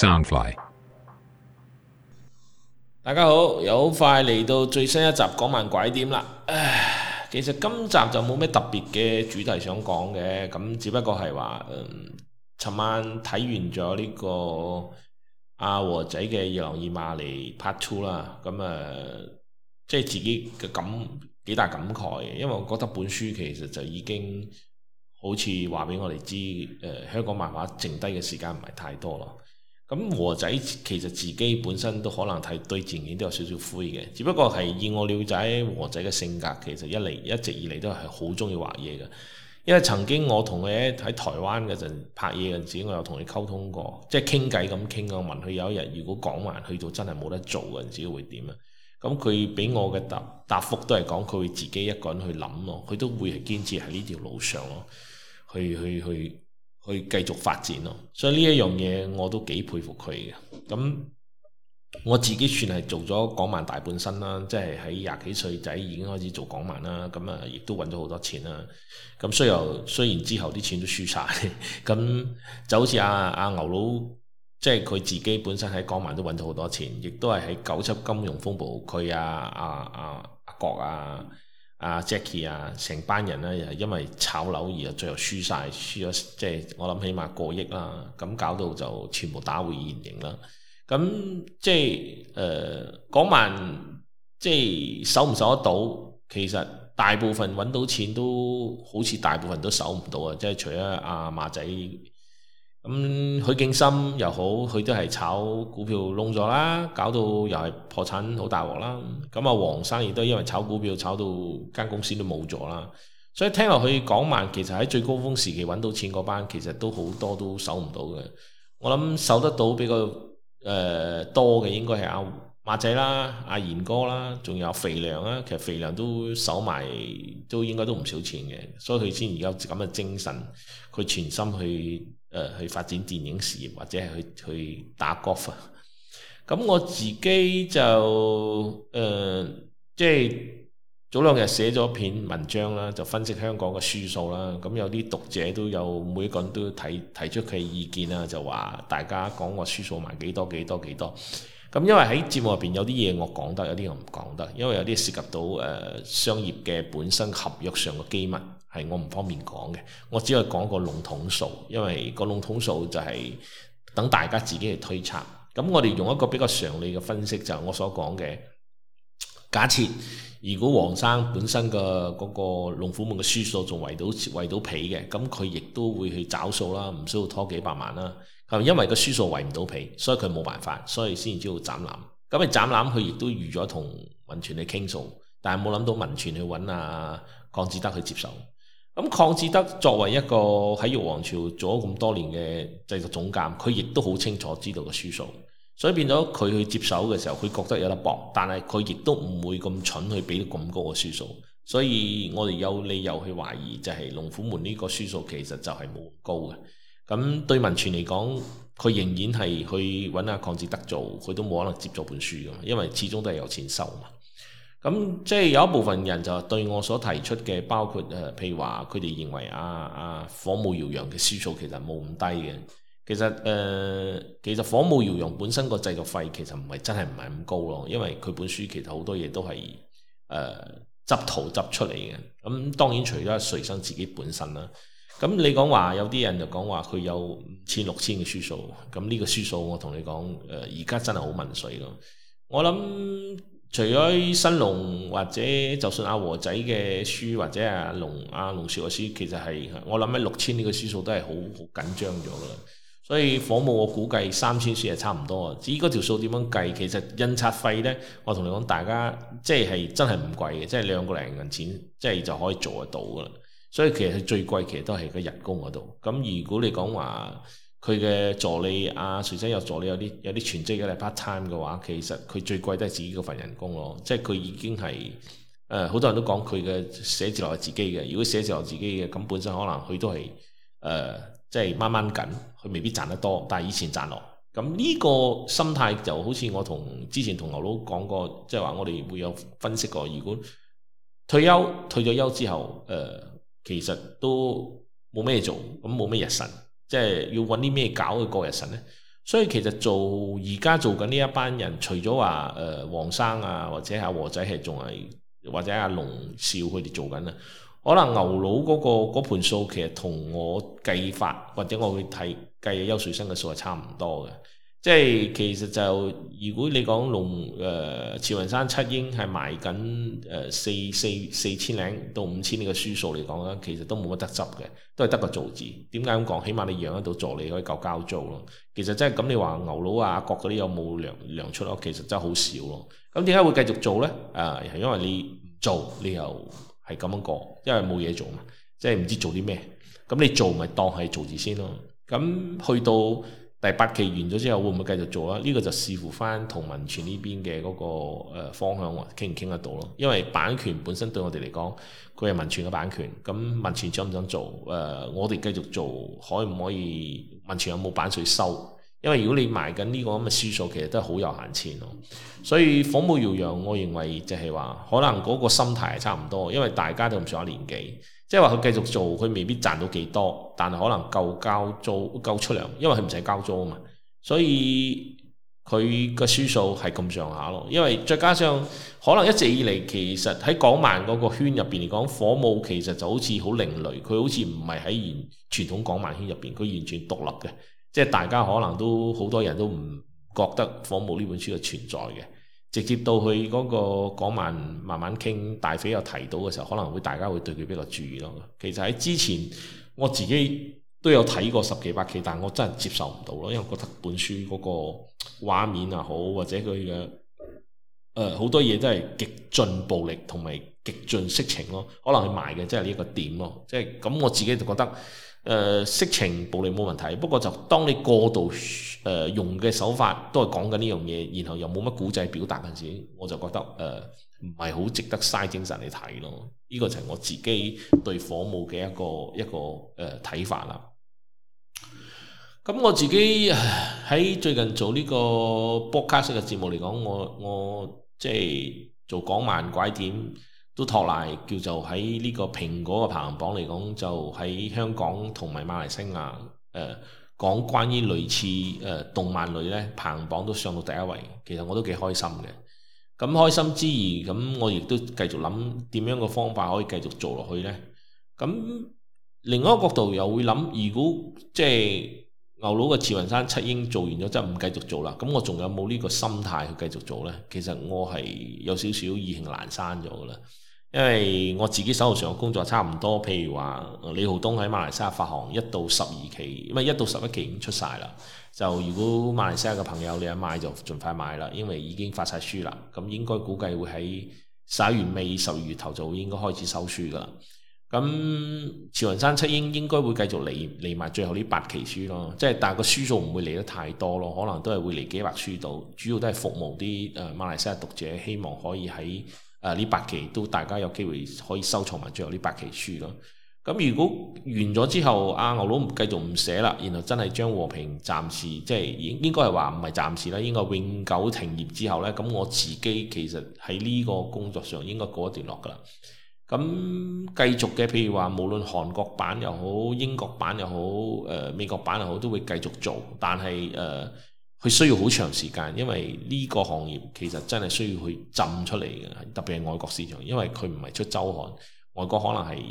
Soundfly，大家好，又好快嚟到最新一集講港漫拐點啦。其實今集就冇咩特別嘅主題想講嘅，咁只不過係話，嗯，尋晚睇完咗呢、呢個阿、啊、和仔嘅《野狼與瑪莉》嚟拍粗啦，咁誒、啊，即係自己嘅感幾大感慨，因為我覺得本書其實就已經好似話俾我哋知，誒，香港漫畫剩低嘅時間唔係太多咯。咁和仔其實自己本身都可能睇對自己都有少少灰嘅，只不過係以我了解和仔嘅性格，其實一嚟一直以嚟都係好中意畫嘢嘅。因為曾經我同佢喺台灣嗰陣拍嘢嗰陣時，我又同佢溝通過，即係傾偈咁傾，我問佢有一日如果講完去到真係冇得做嗰陣時會點啊？咁佢俾我嘅答答覆都係講佢會自己一個人去諗咯，佢都會係堅持喺呢條路上咯，去去去。去去繼續發展咯，所以呢一樣嘢我都幾佩服佢嘅。咁我自己算係做咗港漫大半生啦，即係喺廿幾歲仔已經開始做港漫啦，咁啊亦都揾咗好多錢啦。咁雖然雖然之後啲錢都輸晒，咁就好似阿阿牛佬，即係佢自己本身喺港漫都揾咗好多錢，亦都係喺九七金融風暴區啊啊啊阿國啊。啊啊啊啊啊 Jackie 啊，成、啊、班人咧又係因為炒樓而啊，最後輸晒。輸咗即係我諗起碼過億啦，咁、啊、搞到就全部打回原形啦。咁、啊、即係誒嗰晚即係守唔守得到？其實大部分揾到錢都好似大部分都守唔到啊，即係除咗阿馬仔。咁許景深又好，佢都係炒股票窿咗啦，搞到又係破產好大鑊啦。咁、嗯、啊，黃、嗯嗯嗯、生亦都因為炒股票炒到間公司都冇咗啦。所以聽落佢講話，其實喺最高峰時期揾到錢嗰班，其實都好多都守唔到嘅。我諗守得到比較誒、呃、多嘅，應該係阿馬仔啦、阿、啊、賢、啊、哥啦，仲有肥良啦。其實肥良都守埋，都應該都唔少錢嘅。所以佢先而家咁嘅精神，佢全心去。誒、呃、去發展電影事業，或者係去去打 golf。咁 我自己就誒，即係早兩日寫咗篇文章啦，就分析香港嘅書數啦。咁有啲讀者都有每個人都提提出佢意見啦，就話大家講個書數埋幾多幾多幾多。咁因為喺節目入邊有啲嘢我講得，有啲我唔講得，因為有啲涉及到誒、呃、商業嘅本身合約上嘅機密。係我唔方便講嘅，我只係講個籠統數，因為個籠統數就係等大家自己去推測。咁我哋用一個比較常理嘅分析就係、是、我所講嘅，假設如果黃生本身個嗰、那個龍虎門嘅輸數仲圍到圍到皮嘅，咁佢亦都會去找數啦，唔需要拖幾百萬啦。係咪因為個輸數圍唔到皮，所以佢冇辦法，所以先至要斬纜。咁咪斬纜佢亦都預咗同文傳去傾數，但係冇諗到文傳去揾啊，鄺志德去接受。咁鄺志德作為一個喺玉皇朝做咗咁多年嘅製作總監，佢亦都好清楚知道個書數，所以變咗佢去接手嘅時候，佢覺得有得搏，但係佢亦都唔會咁蠢去俾咁高嘅書數，所以我哋有理由去懷疑，就係龍虎門呢個書數其實就係冇高嘅。咁對文傳嚟講，佢仍然係去揾阿鄺志德做，佢都冇可能接咗本書噶嘛，因為始終都係有錢收嘛。咁即係有一部分人就對我所提出嘅，包括誒、呃，譬如話佢哋認為啊啊《火舞耀揚》嘅書數其實冇咁低嘅。其實誒，其實《呃、其實火舞耀揚》本身個製作費其實唔係真係唔係咁高咯，因為佢本書其實好多嘢都係誒、呃、執圖執出嚟嘅。咁當然除咗隨身自己本身啦。咁你講話有啲人就講話佢有五千六千嘅書數，咁呢個書數我同你講誒，而、呃、家真係好問水咯。我諗。除咗新龍或者就算阿和仔嘅書，或者阿龍阿龍少嘅書，其實係我諗起六千呢個書數都係好好緊張咗啦。所以火幕我估計三千書係差唔多啊。至於嗰條數點樣計，其實印刷費咧，我同你講，大家即係真係唔貴嘅，即係兩個零銀錢，即係就可以做得到噶啦。所以其實佢最貴其實都係個人工嗰度。咁如果你講話，佢嘅助理啊，隨身有助理有啲有啲全職嘅 part time 嘅話，其實佢最貴都係自己嗰份人工咯。即係佢已經係誒好多人都講佢嘅寫字樓係自己嘅。如果寫字樓自己嘅，咁本身可能佢都係誒即係掹掹緊，佢未必賺得多。但係以前賺落，咁呢個心態就好似我同之前同牛佬講過，即係話我哋會有分析過。如果退休退咗休之後，誒、呃、其實都冇咩做，咁冇咩日薪。即係要揾啲咩搞嘅過日神呢？所以其實做而家做緊呢一班人，除咗話誒黃生啊，或者阿和仔係仲係，或者阿龍少佢哋做緊啊，可能牛佬嗰、嗰個嗰盤數其實同我計法，或者我去睇計優水生嘅數係差唔多嘅。即係其實就如果你講龍誒慈、呃、雲山七英係賣緊誒四四四千零到五千呢個書數嚟講咧，其實都冇乜得執嘅，都係得個做字。點解咁講？起碼你養得到助理可以夠交租咯。其實真係咁，你話牛佬啊、阿角嗰啲有冇糧糧出咯？其實真係好少咯。咁點解會繼續做咧？啊、呃，係因為你做，你又係咁樣過，因為冇嘢做嘛。即係唔知做啲咩，咁你做咪當係做字先咯。咁去到。第八期完咗之後，會唔會繼續做啊？呢、這個就視乎翻同文傳呢邊嘅嗰個方向傾唔傾得到咯。因為版權本身對我哋嚟講，佢係文傳嘅版權。咁文傳想唔想做？誒、呃，我哋繼續做，可唔可以文傳有冇版稅收？因為如果你賣緊呢個咁嘅書數，其實都係好有限錢咯。所以風波耀揚，我認為就係話，可能嗰個心態係差唔多，因為大家都咁上下年紀。即係話佢繼續做，佢未必賺到幾多，但係可能夠交租夠出糧，因為佢唔使交租啊嘛。所以佢嘅書數係咁上下咯。因為再加上可能一直以嚟，其實喺港漫嗰個圈入邊嚟講，《火舞》其實就好似好另類，佢好似唔係喺沿傳統港漫圈入邊，佢完全獨立嘅。即係大家可能都好多人都唔覺得《火舞》呢本書係存在嘅。直接到去嗰個講漫慢慢慢傾，大飛有提到嘅時候，可能會大家會對佢比較注意咯。其實喺之前，我自己都有睇過十幾百期，但我真係接受唔到咯，因為覺得本書嗰個畫面啊好，或者佢嘅誒好多嘢都係極盡暴力同埋極盡色情咯。可能佢賣嘅即係呢一個點咯，即係咁我自己就覺得。誒色情暴力冇問題，不過就當你過度誒、呃、用嘅手法都係講緊呢樣嘢，然後又冇乜古仔表達嘅時，我就覺得誒唔係好值得嘥精神嚟睇咯。呢、這個就係我自己對火舞嘅一個一個誒睇、呃、法啦。咁我自己喺最近做呢個播客式嘅節目嚟講，我我即係做講漫拐點。都托賴叫做喺呢個蘋果嘅排行榜嚟講，就喺香港同埋馬來西亞，誒、呃、講關於類似誒、呃、動漫類咧，排行榜都上到第一位。其實我都幾開心嘅。咁、嗯、開心之餘，咁、嗯、我亦都繼續諗點樣嘅方法可以繼續做落去咧。咁、嗯、另外一個角度又會諗，如果即係牛佬嘅慈雲山七英做完咗，即係唔繼續做啦，咁、嗯、我仲有冇呢個心態去繼續做咧？其實我係有少少意興闌珊咗噶啦。因為我自己手頭上嘅工作差唔多，譬如話李浩東喺馬來西亞發行一到十二期，因為一到十一期已經出晒啦。就如果馬來西亞嘅朋友你一買就盡快買啦，因為已經發晒書啦。咁應該估計會喺十一月尾、十二月頭就應該開始收書噶啦。咁慈雲山七英應該會繼續嚟嚟埋最後呢八期書咯，即係但係個書數唔會嚟得太多咯，可能都係會嚟幾百書度，主要都係服務啲誒馬來西亞讀者，希望可以喺。誒呢八期都大家有機會可以收藏埋最後呢八期書咯。咁如果完咗之後，阿牛佬唔繼續唔寫啦，然後真係將和平暫時即係應應該係話唔係暫時啦，應該永久停業之後呢。咁我自己其實喺呢個工作上應該過一段落㗎啦。咁繼續嘅，譬如話無論韓國版又好、英國版又好、誒、呃、美國版又好，都會繼續做，但係誒。呃佢需要好長時間，因為呢個行業其實真係需要去浸出嚟嘅，特別係外國市場，因為佢唔係出周刊，外國可能係誒、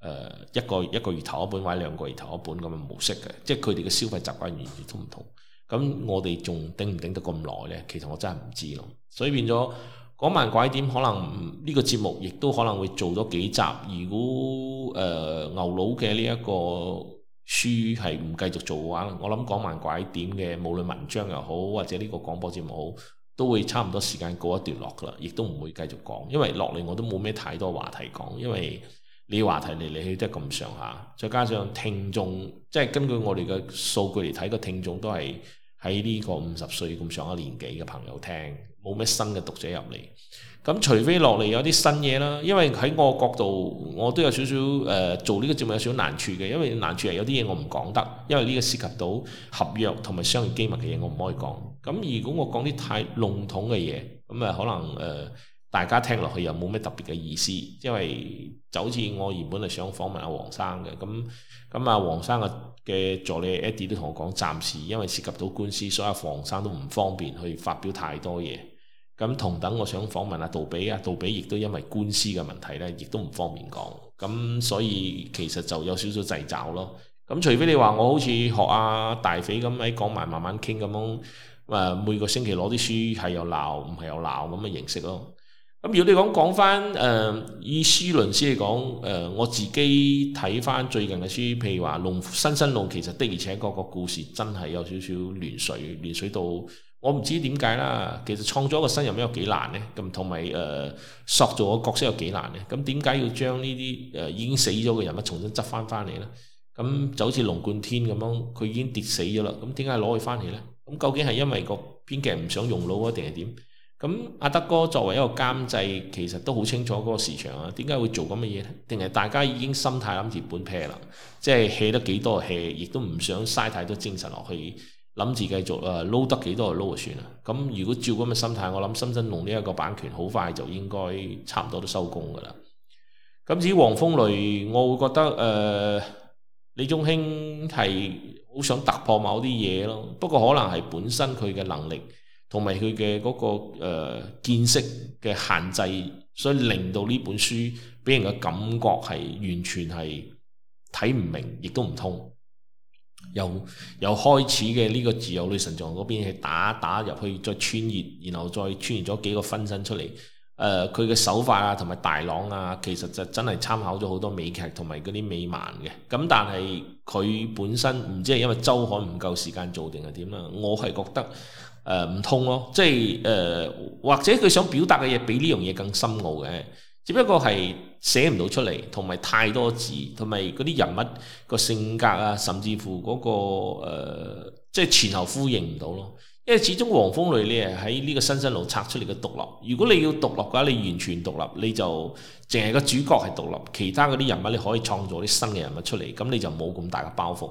呃、一個一個月頭一本，或者兩個月頭一本咁嘅模式嘅，即係佢哋嘅消費習慣完全都唔同。咁我哋仲頂唔頂得咁耐呢？其實我真係唔知咯。所以變咗講漫拐點，可能呢、這個節目亦都可能會做咗幾集。如果誒、呃、牛佬嘅呢一個，.書係唔繼續做嘅話，我諗講漫拐點嘅，無論文章又好或者呢個廣播節目好，都會差唔多時間告一段落噶啦，亦都唔會繼續講，因為落嚟我都冇咩太多話題講，因為呢個話題嚟嚟去都係咁上下，再加上聽眾，即係根據我哋嘅數據嚟睇個聽眾都係喺呢個五十歲咁上一年紀嘅朋友聽。冇咩新嘅讀者入嚟，咁除非落嚟有啲新嘢啦。因為喺我角度，我都有少少誒、呃、做呢個節目有少少難處嘅。因為難處係有啲嘢我唔講得，因為呢個涉及到合約同埋商業機密嘅嘢，我唔可以講。咁如果我講啲太籠統嘅嘢，咁誒可能誒、呃、大家聽落去又冇咩特別嘅意思。因為就好似我原本係想訪問阿黃生嘅，咁咁阿黃生嘅助理 Eddie 都同我講，暫時因為涉及到官司，所以阿黃生都唔方便去發表太多嘢。咁同等，我想訪問阿杜比啊，杜比亦都因為官司嘅問題咧，亦都唔方便講。咁所以其實就有少少製造咯。咁除非你話我好似學阿大肥咁喺講埋，慢慢傾咁樣。誒、呃、每個星期攞啲書有，係又鬧，唔係又鬧咁嘅形式咯。咁如果你講講翻誒以書論書嚟講，誒、呃、我自己睇翻最近嘅書，譬如話《龍新新龍》，其實的而且確個故事真係有少少亂水，亂水到。我唔知點解啦，其實創作一個新人物有幾難呢？咁同埋誒塑造個角色有幾難呢？咁點解要將呢啲誒已經死咗嘅人物重新執翻翻嚟呢？咁就好似龍貫天咁樣，佢已經跌死咗啦，咁點解攞佢翻嚟呢？咁究竟係因為個編劇唔想用腦啊，定係點？咁阿德哥作為一個監製，其實都好清楚嗰個市場啊，點解會做咁嘅嘢呢？定係大家已經心態諗住本 p a 啦，即係 hea 得幾多 hea 亦都唔想嘥太多精神落去。諗住繼續誒撈得幾多就撈就算啦。咁如果照咁嘅心態，我諗深圳龍呢一個版權好快就應該差唔多都收工噶啦。咁至於黃風雷，我會覺得誒、呃、李中興係好想突破某啲嘢咯。不過可能係本身佢嘅能力同埋佢嘅嗰個誒、呃、見識嘅限制，所以令到呢本書俾人嘅感覺係完全係睇唔明，亦都唔通。又又開始嘅呢個自由女神像嗰邊係打打入去再穿越，然後再穿越咗幾個分身出嚟。誒、呃，佢嘅手法啊，同埋大浪啊，其實就真係參考咗好多美劇同埋嗰啲美漫嘅。咁但係佢本身唔知係因為周刊唔夠時間做定係點啊？我係覺得誒唔通咯，即係誒、呃、或者佢想表達嘅嘢比呢樣嘢更深奧嘅。只不過係寫唔到出嚟，同埋太多字，同埋嗰啲人物個性格啊，甚至乎嗰、那個誒，即、呃、係、就是、前後呼應唔到咯。因為始終《黃風你咧係喺呢個新新路拆出嚟嘅獨立。如果你要獨立嘅話，你完全獨立，你就淨係個主角係獨立，其他嗰啲人物你可以創造啲新嘅人物出嚟，咁你就冇咁大嘅包袱。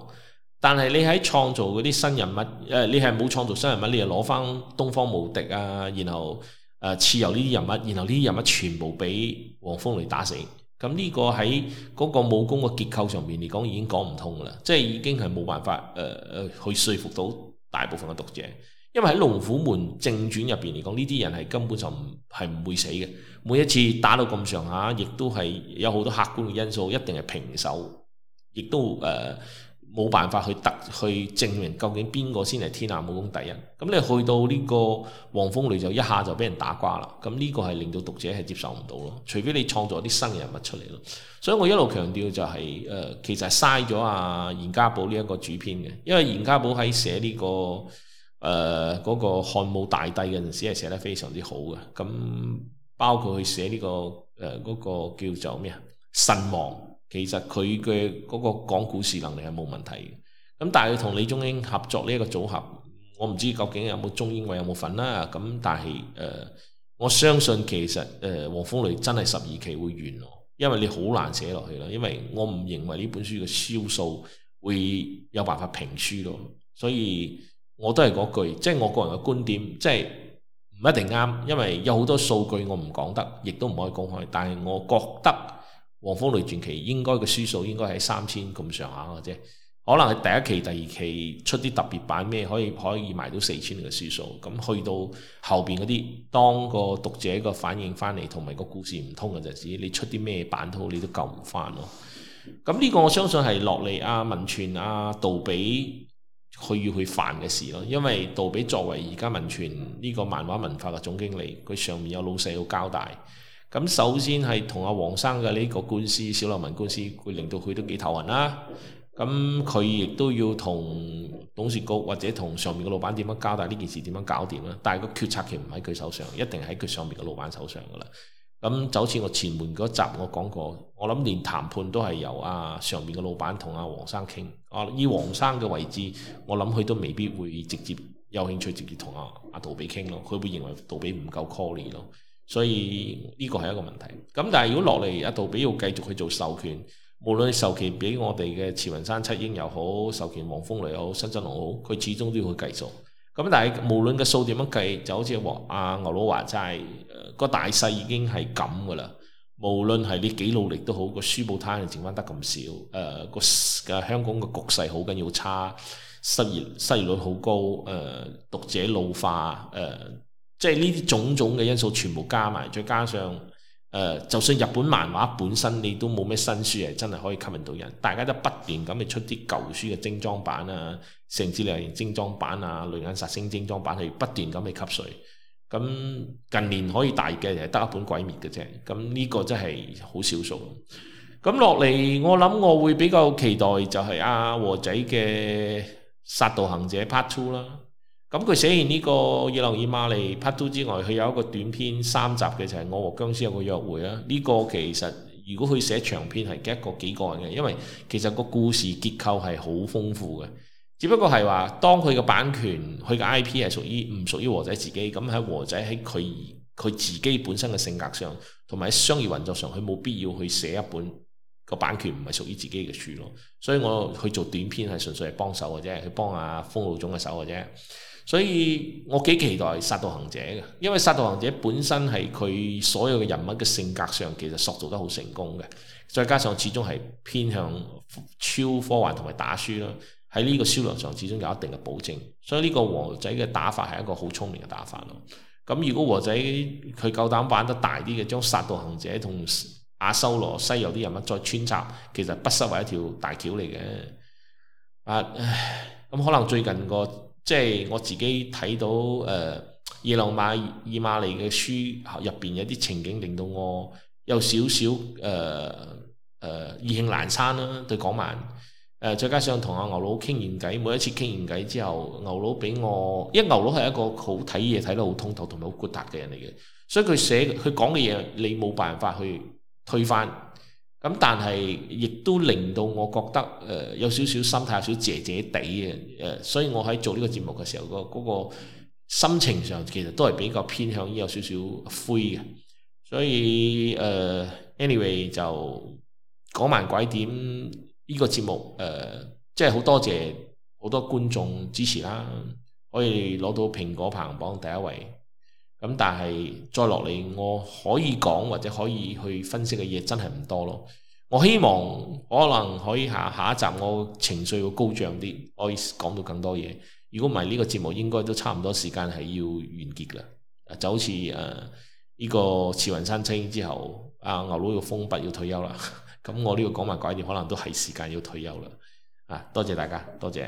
但係你喺創造嗰啲新人物，誒、呃，你係冇創造新人物，你又攞翻東方無敵啊，然後。誒由呢啲人物，然後呢啲人物全部俾黃蜂雷打死，咁呢個喺嗰個武功嘅結構上面嚟講已經講唔通啦，即係已經係冇辦法誒、呃、去説服到大部分嘅讀者，因為喺《龍虎門》正傳入邊嚟講，呢啲人係根本就唔係唔會死嘅，每一次打到咁上下，亦都係有好多客觀嘅因素，一定係平手，亦都誒，呃冇辦法去突去證明究竟邊個先係天下武功第一，咁你去到呢個黃風雷就一下就俾人打瓜啦，咁呢個係令到讀者係接受唔到咯，除非你創作啲新人物出嚟咯。所以我一路強調就係、是、誒、呃，其實嘥咗啊嚴家寶呢一個主編嘅，因為嚴家寶喺寫呢、這個誒嗰、呃那個漢武大帝嗰陣時係寫得非常之好嘅，咁包括去寫呢、這個誒嗰、呃那個、叫做咩啊神王。其實佢嘅嗰個講故事能力係冇問題嘅，咁但係佢同李中英合作呢一個組合，我唔知究竟有冇中英位有冇份啦。咁但係誒、呃，我相信其實誒黃風雷真係十二期會完咯，因為你好難寫落去啦，因為我唔認為呢本書嘅銷數會有辦法平書咯，所以我都係嗰句，即係我個人嘅觀點，即係唔一定啱，因為有好多數據我唔講得，亦都唔可以公開，但係我覺得。《黃風雷傳奇》應該嘅書數應該喺三千咁上下嘅啫，可能係第一期、第二期出啲特別版咩，可以可以賣到四千嘅書數。咁去到後邊嗰啲，當個讀者個反應翻嚟，同埋個故事唔通嘅就係、是，你出啲咩版套，你都救唔翻咯。咁呢個我相信係落嚟啊、文傳啊、杜比去要去煩嘅事咯，因為杜比作為而家文傳呢、這個漫畫文化嘅總經理，佢上面有老細要交代。咁首先係同阿黃生嘅呢個官司，小流氓官司，會令到佢都幾頭暈啦。咁佢亦都要同董事局或者同上面嘅老闆點樣交代呢件事，點樣搞掂啦。但係個決策權唔喺佢手上，一定喺佢上面嘅老闆手上㗎啦。咁就好似我前邊嗰集我講過，我諗連談判都係由阿、啊、上面嘅老闆同阿黃生傾。我以黃生嘅位置，我諗佢都未必會直接有興趣直接同阿阿杜比傾咯，佢會認為杜比唔夠 calibre 咯。所以呢、這個係一個問題。咁但係如果落嚟一度比要繼續去做授權，無論授權俾我哋嘅慈雲山七英又好，授權黃蜂雷又好，深圳龍好，佢始終都要去計數。咁但係無論個數點樣計，就好似阿、啊、牛佬話齋，個、呃、大勢已經係咁㗎啦。無論係你幾努力都好，個書報攤係剩翻得咁少。誒、呃、個香港個局勢好緊要差，失業失業率好高。誒、呃、讀者老化。誒、呃即係呢啲種種嘅因素全部加埋，再加上誒、呃，就算日本漫畫本身你都冇咩新書係真係可以吸引到人，大家都不斷咁去出啲舊書嘅精裝版啊，城市獵人精裝版啊，雷眼殺星精裝版去不斷咁去吸水。咁近年可以大嘅就得一本鬼滅嘅啫，咁呢個真係好少數。咁落嚟我諗我會比較期待就係阿、啊、和仔嘅殺道行者 Part Two 啦。咁佢、嗯、寫完呢、這個《野狼與瑪莉》、《Part 2》之外，佢有一個短篇三集嘅，就係、是《我和僵屍有個約會》啦。呢個其實如果佢寫長篇係一個幾個人嘅，因為其實個故事結構係好豐富嘅。只不過係話，當佢嘅版權、佢嘅 IP 係屬於唔屬於和仔自己，咁喺和仔喺佢佢自己本身嘅性格上，同埋喺商業運作上，佢冇必要去寫一本個版權唔係屬於自己嘅書咯。所以我去做短篇係純粹係幫手嘅啫，佢幫阿封老總嘅手嘅啫。所以我幾期待《殺道行者》嘅，因為《殺道行者》本身係佢所有嘅人物嘅性格上其實塑造得好成功嘅，再加上始終係偏向超科幻同埋打輸啦，喺呢個銷量上始終有一定嘅保證。所以呢個和仔嘅打法係一個好聰明嘅打法咯。咁如果和仔佢夠膽玩得大啲嘅，將《殺道行者》同阿修羅西遊啲人物再穿插，其實不失為一條大橋嚟嘅。啊，咁可能最近個～即係我自己睇到誒、呃《野狼與瑪莉》嘅書入邊有啲情景，令到我有少少誒誒意興闌珊啦、啊。對港漫誒、呃，再加上同阿牛佬傾完偈，每一次傾完偈之後，牛佬俾我，因為牛佬係一個好睇嘢睇得好通透同埋好豁達嘅人嚟嘅，所以佢寫佢講嘅嘢，你冇辦法去推翻。咁但係亦都令到我覺得誒、呃、有少少心態有少少謝謝地嘅，誒，所以我喺做呢個節目嘅時候、嗰個嗰、嗰個心情上其實都係比較偏向於有少少灰嘅，所以誒、呃、anyway 就講漫拐點呢、這個節目誒，即係好多謝好多觀眾支持啦，可以攞到蘋果排行榜第一位。咁但係再落嚟，我可以講或者可以去分析嘅嘢真係唔多咯。我希望可能可以下下一集我情緒會高漲啲，可以講到更多嘢。如果唔係呢個節目應該都差唔多時間係要完結啦。就好似誒呢個慈雲山青之後，阿、啊、牛佬要封筆要退休啦。咁、 嗯、我呢個講埋改掉，可能都係時間要退休啦、啊。多謝大家，多謝。